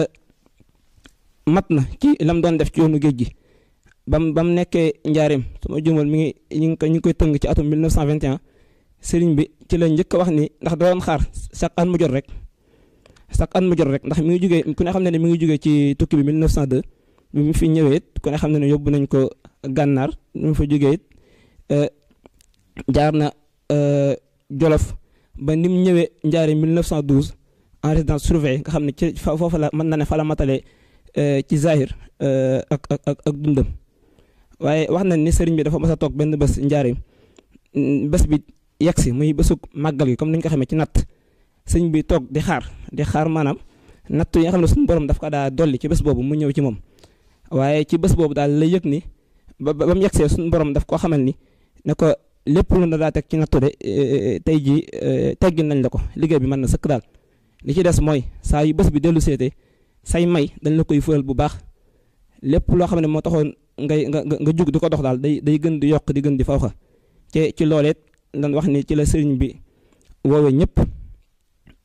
mat na ci lam doon def ci yoonu géej gi bam bam nekkee njaareem su ma juumal mi ngi ñu ngi koy ñu ngi koy tënk ci atum 1921 sëriñ bi ci la njëkk wax ni ndax da doon xaar chaque at mu jot rek chaque at mu jot rek ndax mi ngi jugee ku ne xam ne ne mi ngi jógee ci tukki bi 1902 bi mu fi ñëwee it ku xam ne ne yóbbu nañ ko gànnaar bi mu fa jógee it e, jaar na e, Jolof ba ni mu ñëwee njaaree 1912 en résidence surveillée nga xam ne ci foofu la mën na ne fa la matale euh, ci Zahir euh, ak ak ak dundam waaye wax nañ ni sëriñ bi dafa mas a toog benn bés njaaree mm, bés bi yegg si muy bésug màggal gi comme ni ko xamee ci natt sëriñ bi toog di xaar di xaar maanaam natt yi nga xam ne suñu borom daf ko daa dolli ci bés boobu mu ñëw ci moom waaye ci bës boobu daal la yëg ni ba ba mu yegg see suñu borom daf koo xamal ni ne lépp lu na daa teg ci nattu de eh, eh, eh, tey jii teggil nañ la ko liggéey bi mën na sëkk daal li ci des mooy saa yi bés bi dellu seete say may dañ la koy fëral bu baax lépp loo xam ne moo taxoon ngay nga nga jug di ko dox daal day day gën di yokk di gën di fawxa ci ci looleet dañ wax ni ci la sëriñ bi woowee ñëpp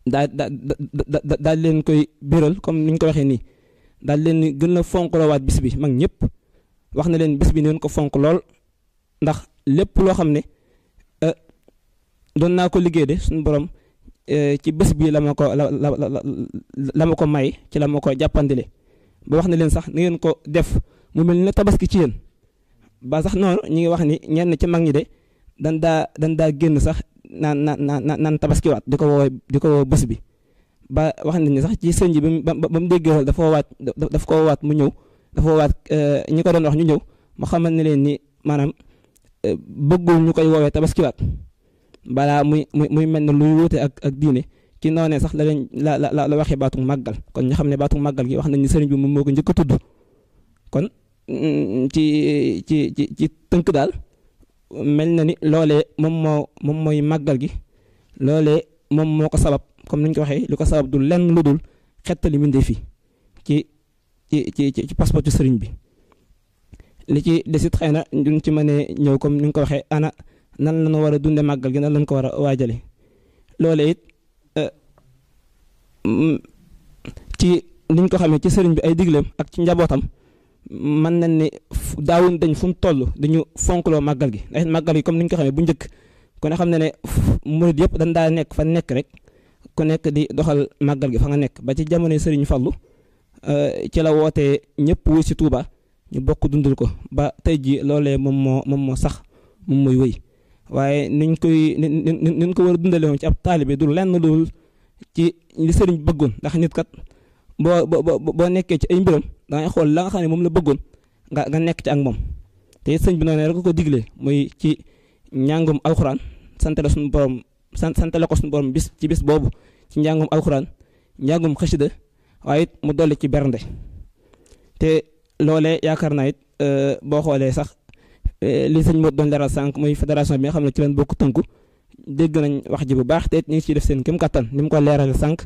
daa da da daal leen koy biral comme ni ñu ko waxee nii daal leen gën a fonk loowaat bis bi mag ñëpp wax na leen bis bi neen ko fonk lool ndax lépp loo xam ne euh, doon naa ko liggéey de suñu borom euh, ci bés bii la ma ko la la la ma ko may ci la ma ko jàppandile ba wax na leen sax ni ngeen ko def mu mel ni ne tabaski ci yéen ba sax noonu ñu ngi wax ni ñenn ci mag ñi de dan daa dan daa génn sax naan naan naan tabaskiwaat di ko woo di ko woo bés bi. ba wax nañ sax ci sëñ bi ba ba mu déggee dafa waat daf ko waat mu ñëw dafa waat euh, ñi ko doon wax ñu ñëw mu xamal ne leen ni maanaam. bëggul ñu koy woowee tabaskiwaat balaa muy muy muy mel na luy wuute ak ak diine ci noonee sax la la la la waxee baatu màggal kon ñu xam ne baatu màggal gi wax nañ ni sëriñ bi moom moo ko njëkk a tudd kon mm, ci ci ci ci tënk daal mel na ni loolee moom moo moom mooy màggal gi loolee moom moo ko sabab comme ni ñu ko waxee li ko sabab du lenn lu dul xettali mbindéef yi ci ci ci ci passeport ci sëriñ bi. li ci desit xëy na duñ ci mënee ñëw comme ni nga ko waxee ana nan la ñu war a dunde màggal gi nan lañ ko war a waajale loole it euh, mm, ci niñ ko xamee ci sëriñ bi ay digleem ak ci njabootam mën na ne daawuñ dañ fu mu toll dañu fonkloo màggal gi ndax màggal gi comme niñ ko xamee bu njëkk kon ne xam ne ne murid yëpp dañ daa nekk fa nekk rek ku nekk di doxal màggal gi fa nga nekk ba ci jamono sëriñ Fallu euh, ci la wootee ñëpp wuy si Tuuba ñu bokk dundal ko ba tey jii loolee moom moo moom moo sax moom mooy wéy waaye niñ koy niñ ko war a dundalee woon ci ab taalibe du lenn lool ci li sëriñ bëggoon ndax nit kat boo boo boo nekkee ci ay mbiram dangay xool la nga xam ne moom la bëggoon nga nga nekk ci ak moom te sëñ bi noonu rek ko diglee muy ci njàngum alxuraan sant la suñu borom sant sant la ko suñu borom bis ci bis boobu ci njàngum alxuraan njàngum xasida waaye it mu dolli ci bernde te loole yaakaar naa it euh, boo xoolee sax euh, li sëñ Modou doon leeral sànq mooy fédération bi nga xam ne ci leen bokk tënku dégg nañ wax ji bu baax te it ñu ngi ciy def seen kéem kattan ni mu ko leeral sànq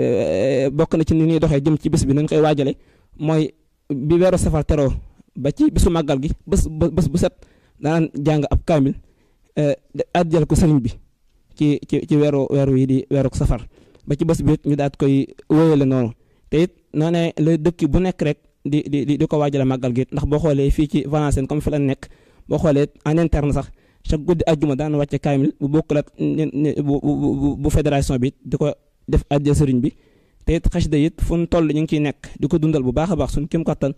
euh, bokk na ci ni ñuy doxee jëm ci bés bi nañ koy waajale mooy bi weeru safar teroo ba ci bisu màggal gi bés bés bu set danaan jàng ab kaamil àjjal ko sëriñ bi ci ci ci weeru weeru yi di weeru safar ba ci bés bi it ñu daat koy wóyale noonu te it noo ne dëkk bu nekk rek. di di di ko waajale màggal gi ndax boo xoolee fii ci Valenciennes comme fi la nekk boo xoolee en interne sax chaque guddi ajjuma daan wàcce kaamil bu bokkul ak bu bu fédération bi di ko def adja sëriñ bi te it xasida it fu mu toll ñu ngi ciy nekk di ko dundal bu baax a baax suñu kéem kattan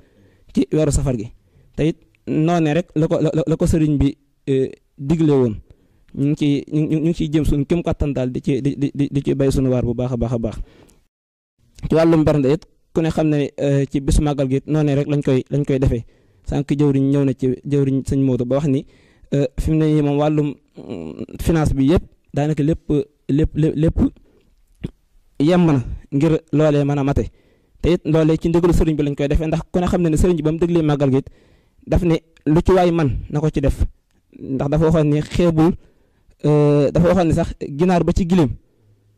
ci weeru safar gi te it noonee rek la ko la ko sëriñ bi e, digle woon ñu ngi ciy ñu ngi ciy jëm suñu kéem kattan daal di ci di di di ci bay suñu waar bu baax a baax a baax ci ku ne xam ne eh, ci bis màggal gi noonu rek lañ koy lañ koy defee sànq jëwriñ ñëw na ci jëwriñ sañ mooto ba wax ni eh, fi mu ne nii moom wàllum mm, finance bi yëpp daanaka lépp lépp lépp yem na ngir loolee mën a mate te it loolee ci ndigalu sëriñ bi lañ koy defee ndax ku xam ne ne sëriñ bi ba mu déglee màggal gi daf ne lu ci waay man na ko ci def ndax dafa waxoon ni xeebul eh, dafa waxoon ni sax ginaar ba ci gileem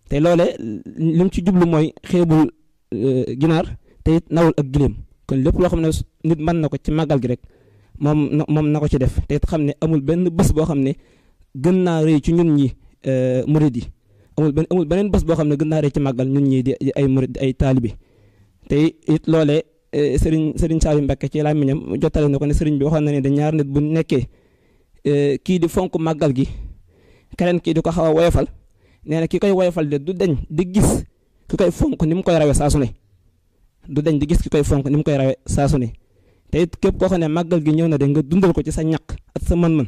te loolee mm, lim ci jublu mooy xeebul Euh, ginaar te it nawul ak gileem kon lépp loo xam ne nit mën na ko ci màggal gi rek moom na moom na ko ci def te xam ne amul benn bës boo xam ne gën naa rëy ci ñun ñi euh, murid yi amul benn amul beneen bés boo xam ne gën naa ci màggal ñun ñii di ay murid ay taalibe te it loolee euh, sëriñ sëriñ Saliou Mbacké ci làmmiñam jottale na ko ne sëriñ bi waxoon na ne da ñaar nit bu nekkee kii di fonk màggal gi keneen kii di ko xaw a woyofal nee na ki koy woyofal de du deñ di gis. ki koy fonk ni mu koy rawee saa su ne du dañ di gis ki koy fonk ni mu koy rawee saa su ne te it képp koo xam ne màggal gi ñëw na de nga dundal ko ci sa ñaq ak sa man mën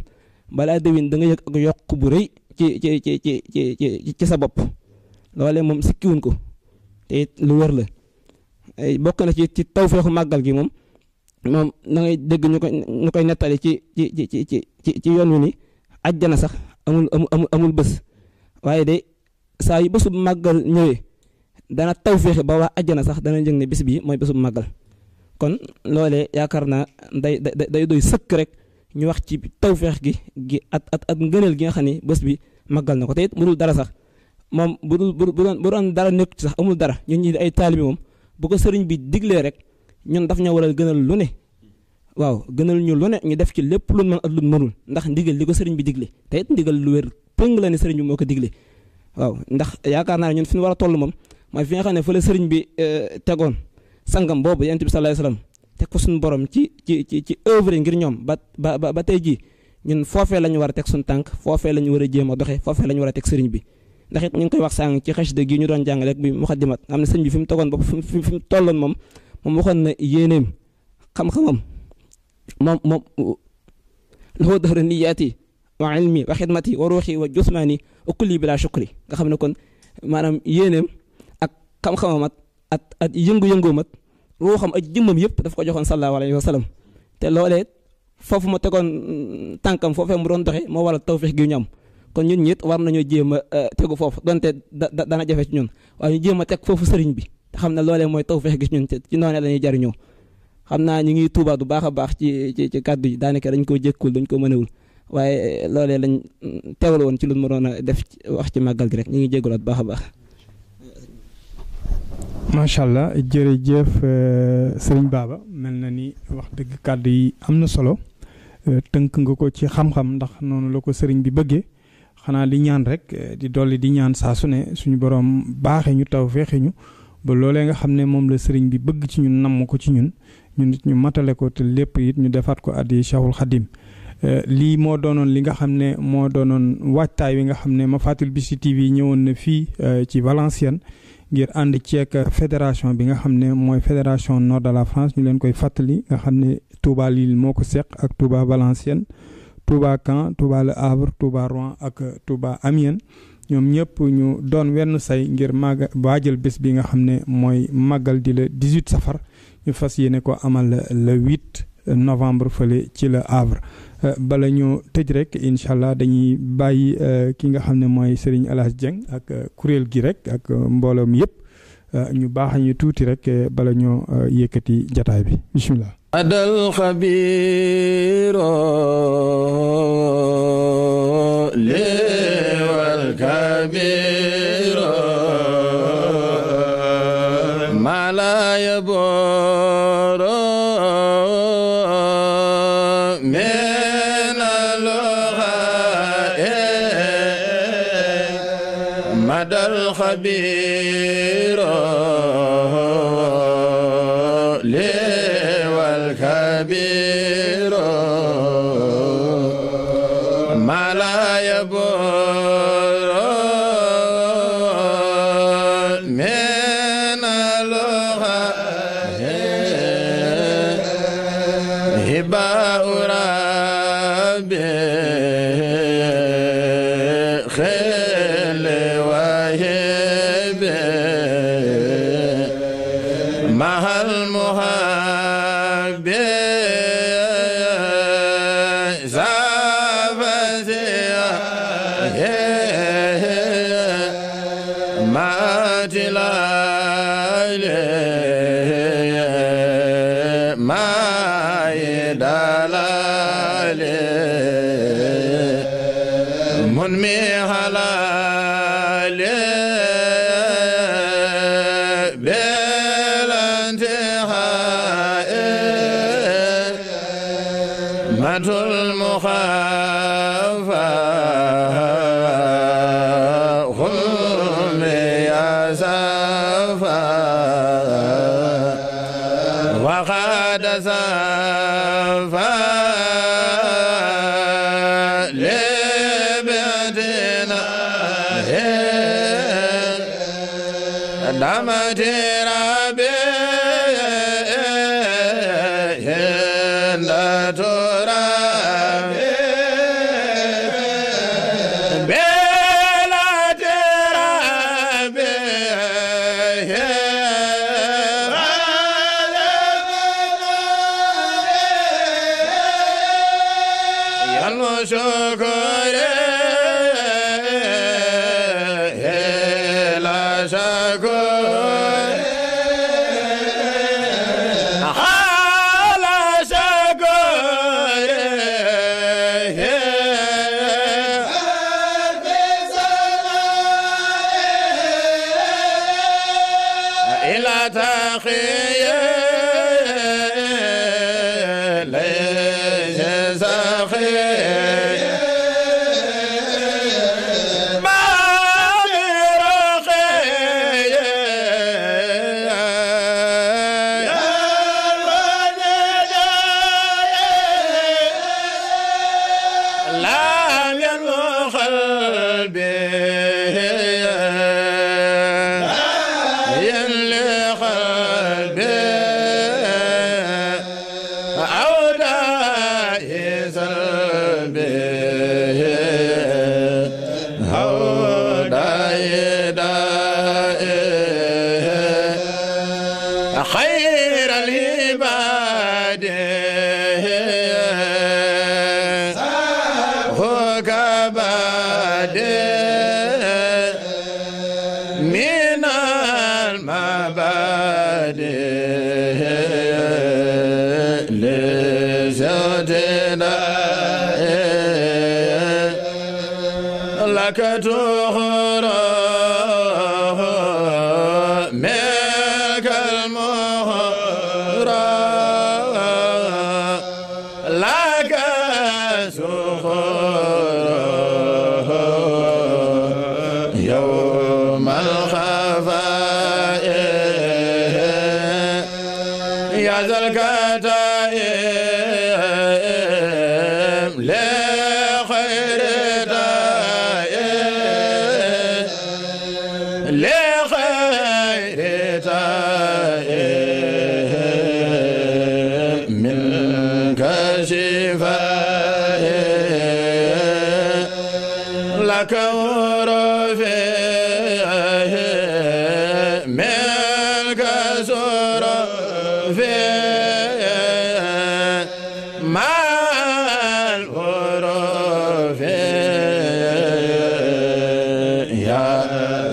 balaa déwén da nga yëg ak yokk bu rëy ci ci ci ci ci ci sa bopp loolee moom sikkiwuñ ko te it lu wër la bokk na ci ci tawféexu màggal gi moom moom da ngay dégg ñu koy koy nettali ci ci ci ci ci yoon wi ni ajjana sax amul amul amul bés waaye de saa yi bésu màggal ñëwee. dana taw féexe ba waa àjjana sax dana jëng ne bis bi mooy bésub màggal kon loole yaakaar naa day day doy sëkk rek ñu wax ci taw féex gi gi at at at ngëneel gi nga xam ne bés bi màggal na ko te it dara sax moom bu dul dara nekk sax amul dara ñun ñi ay taalibi moom bu ko sëriñ bi diglee rek ñun daf ña war a gënal lu ne waaw gënal ñu lu ne ñu def ci lépp lu mën at lu mënul ndax ndigal li ko sëriñ bi digle te it ndigal lu wér pëng la ne sëriñ bi moo ko digle waaw yaakaar naa ne ñun fi ñu war a toll moom mooy fi nga xam seriñ fa la bi euh, tegoon sangam boobu yonent bi sallallahu alayhi wasallam teg ko suñu borom ci ci ci ci œuvre ngir ñoom ba ba ba tey jii ñun foofee la ñu war a teg suñu tànk foofee la ñu war a jéem a doxee foofee la ñu war a teg sëriñ bi ndax it ñu ngi koy wax sàng ci xasida gi ñu doon jàng rek bi muxaddimat am na sëriñ bi fi mu tegoon bopp fi mu tolloon moom moom waxoon na yéeneem xam-xamam moom moom loo dara niyaati wa ilmi wa xidmati wa ruuxi wa jusmaani wa kulli bila shukri nga xam ne kon maanaam yéeneem xam-xamam ak at at yëngu-yëngoom ak ruuxam ak jëmmam yëpp daf ko joxoon sallallahu alayhi wa sallam te loolee foofu mu tegoon mm, tànkam foofee mu doon doxe moo waral tawfeex gi ñu am kon ñun ñit war nañoo jéem a euh, tegu foofu donte da dana jafe ci ñun waaye ñu a teg foofu sëriñ bi te xam ne loolee mooy tawfeex gi ci ñun ci noonee lañuy ñuy jariñoo xam naa ñu ngi tuubaat bu baax a baax ci ci ci kàddu yi daanaka dañ koo jékkul dañ ko mënewul waaye loolee lañ mm, teewal woon ci lu ma doon a def wax ci màggal gi rek ñu ngi jégaluwaat bu baax a baax. macha allah jërëjëf euh, sëriñ Baba mel na ni wax dëgg kàddu yi am na solo euh, tënk nga ko ci xam-xam ndax noonu la ko sëriñ bi bëggee xanaa di ñaan rek euh, di dolli di ñaan saa su ne suñu borom baaxee ñu taw feexe ñu ba loolee nga xam ne moom la sëriñ bi bëgg ci ñun namm ko ci ñun ñu nit ñu matale ko te lépp it ñu defaat ko addi Cheikhul Khadim lii moo doonoon li nga xam ne moo doonoon waajtaay wi nga xam ne ma Mafatul Bichri TV ñëwoon na fii ci Valenciennes ngir ànd ceeg fédération bi nga xam ne mooy fédération nord de la France ñu leen koy fàttali nga xam ne Touba Lille moo ko seq ak Touba Valenciennes Touba Caen Touba Le Havre Touba Rouen ak Touba Amiens ñoom ñëpp ñu doon wenn say ngir màgg waajal bés bi nga xam ne mooy màggal di le 18 safar ñu fas yéene ko amal le 8. novembre fële ci la Havre euh, bala ñu tëj rek incha allah dañuy bàyyi euh, ki nga xam ne mooy Serigne El Hadj ak euh, kuréel gi rek ak mbooloo mi yëpp ñu baax ñu tuuti rek bala ñoo yëkkati jataay bi bisimilah.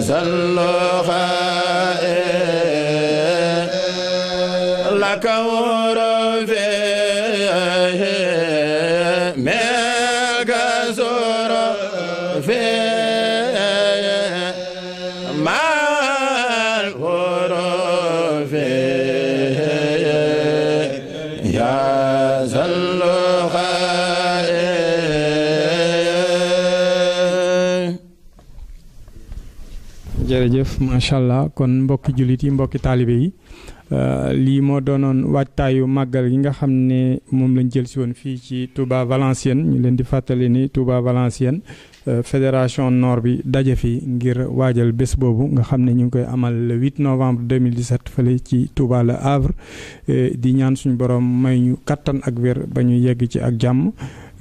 salluha eh, laka macha allah kon mbokki jullit yi mbokki taalibe yi euh, lii moo doonoon waajtaayu màggal yi nga xam ne moom lañ jël si woon fii ci Touba Valenciennes ñu leen di fàttali ni Touba Valenciennes euh, fédération noor bi daje fi ngir waajal bés boobu nga xam ne ñu ngi koy amal le 8 novembre 2017 fële ci Touba Le Havre euh, di ñaan suñu borom may ñu kattan ak wér ba ñu yegg ci ak jàmm.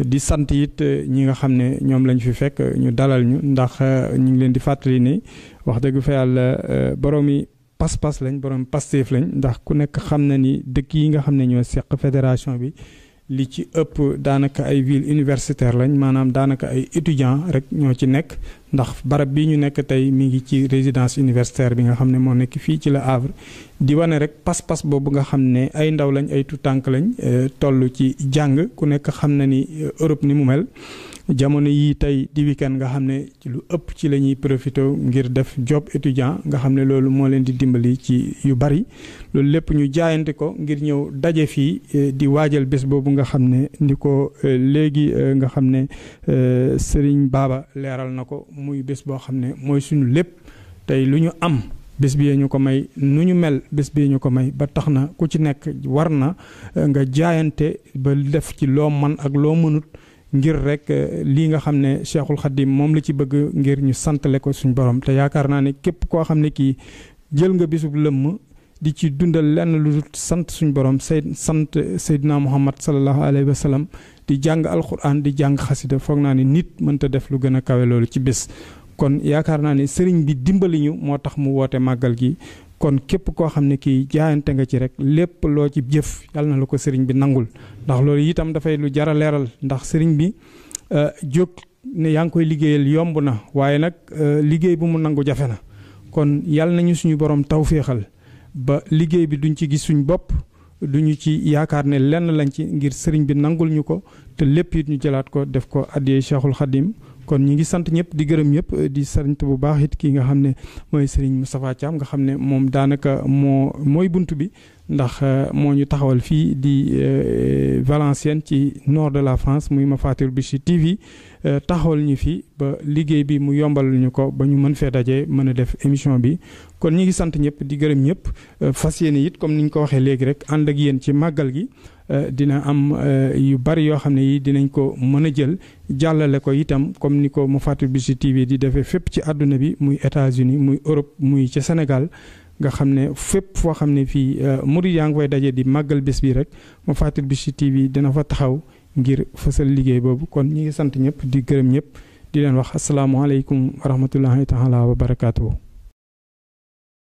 di sant it eh, ñi nga xam ne ñoom lañ fi fekk eh, ñu dalal ñu ndax eh, ñu ngi leen di fàttali ni wax dëgg fa yàlla boroomi pas-pas lañ borom pasteef lañ ndax ku nekk xam na ni dëkk yi nga xam ne ñoo seq fédération bi. li ci ëpp daanaka ay ville universitaire lañ maanaam daanaka ay étudiants rek ñoo ci nekk ndax barab bi ñu nekk tey mi ngi ci résidence universitaire bi nga xam ne moo nekk fii ci la Havre di wane rek pas-pas boobu nga xam ne ay ndaw lañ ay tànk lañ eh, toll ci jàng ku nekk xam na ni eh, Europe ni mu mel jamono yi tey di weekend nga xam ne ci lu ëpp ci la ñuy profité ngir def job étudiant nga xam ne loolu moo leen di dimbali ci yu bari loolu lépp ñu jaayante ko ngir ñëw daje fii eh, di waajal bés boobu nga xam ne ni ko eh, léegi eh, nga xam ne Serigne Baba leeral na ko muy bés boo xam ne mooy suñu lépp tey lu ñu am. bés bi ñu ko may nu ñu mel bés bi ñu ko may ba tax na ku ci nekk war na nga jaayante ba def ci loo man ak loo mënut ngir rek eh, lii nga xam ne Cheikhul Khadim moom la ci bëgg ngir ñu santale ko suñu borom te yaakaar naa ne képp koo xam ne kii jël nga bisub lëmm di ci dundal lenn lu sant suñu borom say sant Seydina Muhammad sallallahu alayhi wa di jàng alquran di jàng xasida foog naa ne nit mënta def lu gën a kawe loolu ci bés. kon yaakaar naa ne sëriñ bi dimbali ñu moo tax mu woote màggal gi kon képp koo xam ne kii jaayante nga ci rek lépp loo ci jëf yàlla na la ko sëriñ bi nangul ndax loolu itam dafay lu jar a leeral ndax sëriñ bi euh, jóg ne yaa ngi koy liggéeyal yomb na waaye nag euh, liggéey bi mu nangu jafe na kon yal nañu suñu borom tawféexal ba liggéey bi duñ ci gis suñ bopp duñu ci yaakaar ne lenn lañ ci ngir sëriñ bi nangul ñu ko te lépp it ñu jëlaat ko def ko addiyee Cheikhul Khadim kon ñi ngi sant ñëpp di gërëm ñëpp eh, di sant bu baax it kii nga xam ne mooy Serigne Moustapha Thiam nga xam ne moom daanaka moo mooy bunt bi ndax eh, moo ñu taxawal fii di eh, Valenciennes ci nord de la France muy ma Mafaatihul Bichri TV taxawal ñu fi ba liggéey bi mu yombal ñu ko ba ñu mën fee dajee mën a def émission bi kon ñi ngi sant ñëpp di gërëm ñëpp fas yéene it comme ni ñu ko waxee léegi rek ànd ak yéen ci màggal gi. Euh, dina am euh, yu bari yoo xam ne yi dinañ ko mën a jël jàllale ko itam comme ni ko mu fàtte Mofatou Bichri TV di defee fépp ci àdduna bi muy États-Unis muy Europe muy ci Sénégal nga xam ne fépp foo xam ne fii euh, murid yaa ngi koy daje di màggal bés bi rek Mofatou Bichri TV dina fa taxaw ngir fësal liggéey boobu kon ñu ngi sant ñëpp di gërëm ñëpp di leen wax asalaamaaleykum wa rahmatullahi taala wa barakaatu.